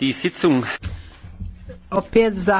Opět za